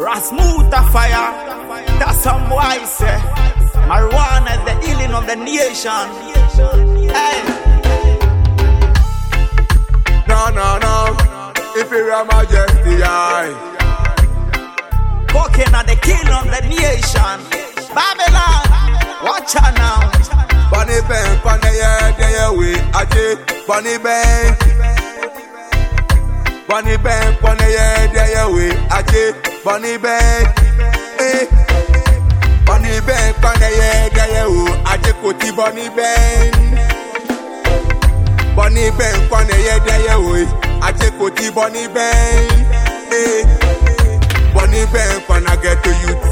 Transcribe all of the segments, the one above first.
Ras that fire, that's some wise say. Eh? Marijuana is the healing of the nation. Hey. No, no, no. If you are majesty, I. Cocaine are the king of the nation. Babylon, watch out now. Bunny Ben, Bunny, yeah, we are Bunny Ben. Bunny Ben, Bunny, yeah, we are bunny bag eh bunny bag panẹyẹ dẹyẹ o ajẹkọtì bunny bag bunny bag panẹyẹ dẹyẹ o ajẹkọtì bunny bag eh bunny bag panagẹtọ youth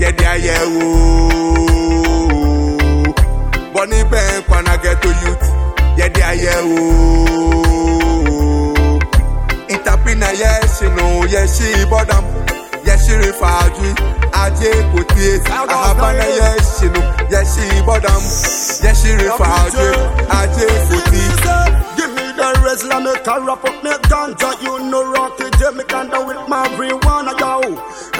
yẹdi ayẹ o bunny bag panagẹtọ youth yẹdi ayẹ o. Itapina yẹ sinu yẹ si bọdam. yɛhyere faadwe agye kotie ahaba na yɛhye no yɛhye bɔdam yɛhyere faadwe agye koti Wrestler make a rap up me ganja You know Rocky Jamaican down with my marijuana yo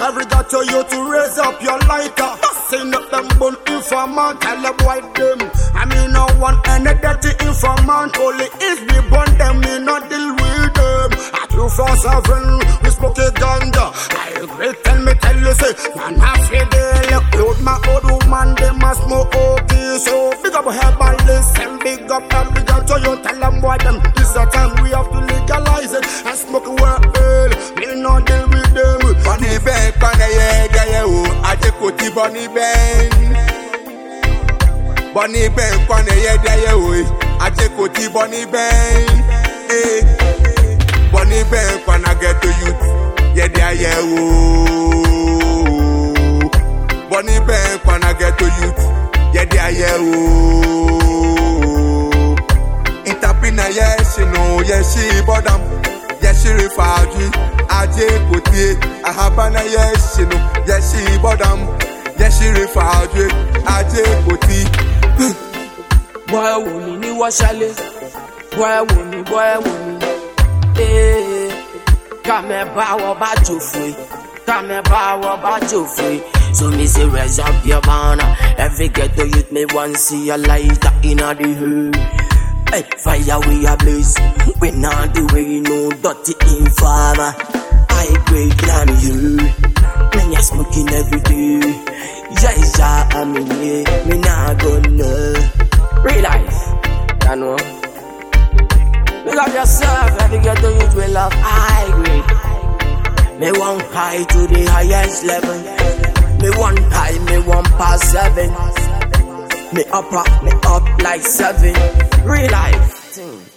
Every got to you to raise up your lighter Send up them bun informant Tell them why them I mean no one any dirty informant Only if we burn them me not for sovereign. We smoke it ganja. I will tell me, tell you, say, man, I feel the Load my old woman, they must smoke okay. So big up help and big up and big up to you. Tell them why them. This the time we have to legalize it and smoke a well. We no deal with them. Bunny Ben, funny yeah, yeah, oh. I take what you bunny Ben. Bunny Ben, funny yeah, yeah, oh. I take what you bunny Ben. Hey. Eh. bɔnni bɛn kwana ghetto youth yɛde ayɛ wo bɔnni bɛn kwana ghetto youth yɛde ayɛ wo ntapina yɛsi no yɛsi bɔdam yɛsi rifaaju aje kotie ahabana yɛsi no yɛsi bɔdam yɛsi rifaaju aje koti. bọ́ẹ̀ wò ni ní wọ́ṣálẹ̀ bọ́ẹ̀ wò ni bọ́ẹ̀ wò ni. ee kamẹba awọ bá jòfè kamẹba awọ bá jòfè. So me say raise up your banner Every ghetto youth me want see a light inna the hood Hey, fire we a blaze. We not the way no dirty informer. I break down you. When you smoking every day. Yeah, yeah, I'm in here. Me not gonna realize. I know love yourself. Let me get the youth will love high grade. Me want high to the highest level. Me one high, me one past seven. Me up, me up like seven. Real life.